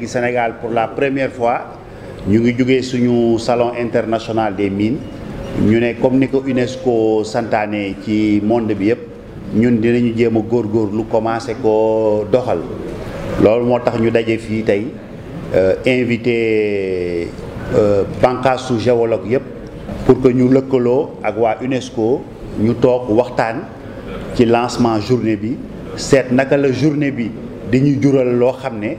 au Sénégal pour la première fois. Nous sommes le Salon international des mines. Nous sommes comme l'UNESCO Santa Ané qui monde bien. Nous sommes des gens qui ont commencé à faire des choses. Nous avons invité les euh, géologues pour que nous l'écolons avec l'UNESCO. Nous sommes au Wartan qui lancement de la journée. Cette journée, nous avons fait des choses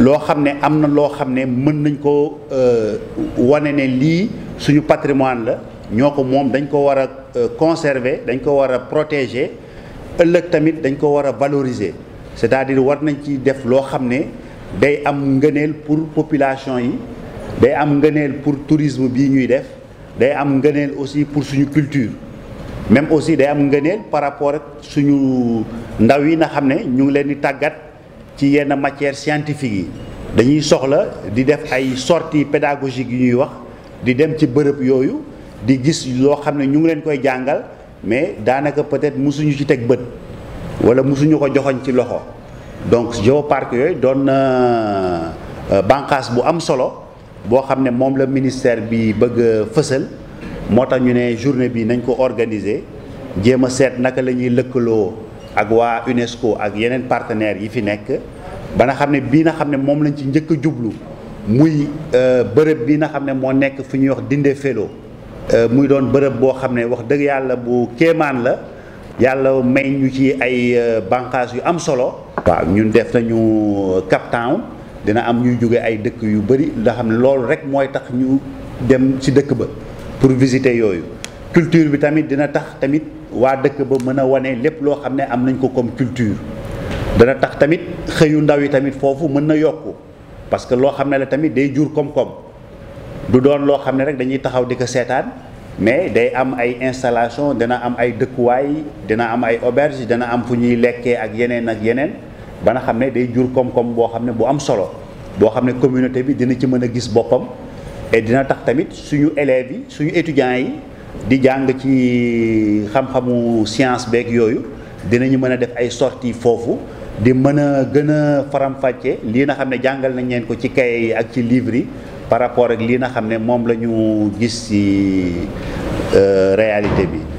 lo xamné amna lo xamné loo mën nañ ko euh wané né li suñu patrimoine la ñoko mom dañ ko wara euh, conserver dañ ko wara protéger ëlëk tamit dañ ko wara valoriser c'est-à-dire war nañ ci def lo xamné day am ngëneel pour population yi day am ngëneel pour tourisme bi ñuy def day am ngëneel aussi pour suñu culture même aussi day am ngëneel par rapport ak suñu ndaw yi nga xamné ñu ngi leen di tàggat ci yenn matière scientifique yi dañuy soxla di def ay sorties pédagogiques yu ñuy wax di dem ci bërëb yooyu di gis loo xam ne ñu ngi leen koy jàngal mais daanaka peut-être mosuñu ci teg bët wala mosuñu ko joxoñ ci loxo donc géoparc yooyu doon na euh, bànqaas bu am solo boo xam ne moom la ministère bi bëgg fësal moo tax ñu ne journée bi nañ ko organiser jéem a seet naka la ñuy lëkkaloo ak waa UNESCO ak yeneen partenaires yi fi nekk ba nga xam ne bii nga xam ne moom lañ ci njëkk a jublu muy euh, bërëb bii na xam ne moo nekk fu ñuy wax dinde felo euh, muy doon bërëb boo xam ne wax dëgg yàlla bu kéemaan la yàlla may ñu ci ay euh, bànqaas yu am solo. waaw ñun def nañu Cap Town dina am ñuy jóge ay dëkk yu bëri nga xam ne loolu rek mooy tax ñu dem ci dëkk ba pour visiter yooyu culture bi tamit dina tax tamit waa dëkk ba mën a wane lépp loo xam ne am nañ ko comme culture. dana tax tamit xëyu ndaw yi tamit foofu mën na yokku parce que loo xam ne la tamit day jur koom-koom du doon loo xam ne rek dañuy taxaw di ko seetaan mais day am ay installation dana am ay dëkkuwaay dina am ay auberge dana am fu ñuy lekkee ak yeneen ak yeneen ba nga xam ne day jur koom-koom boo xam ne bu am solo boo xam ne communauté bi dina ci mën a gis boppam et dina tax tamit suñu élèves yi suñu étudiants yi di jàng ci xam-xamu science beeg yooyu dinañu mën a def ay sorties foofu di mën a gën a faram-fàcce lii na xam ne jàngal nañ leen ko ci kay yi ak ci livre yi par rapport ak lii na xam ne moom la ñu gis ci euh, réalité bi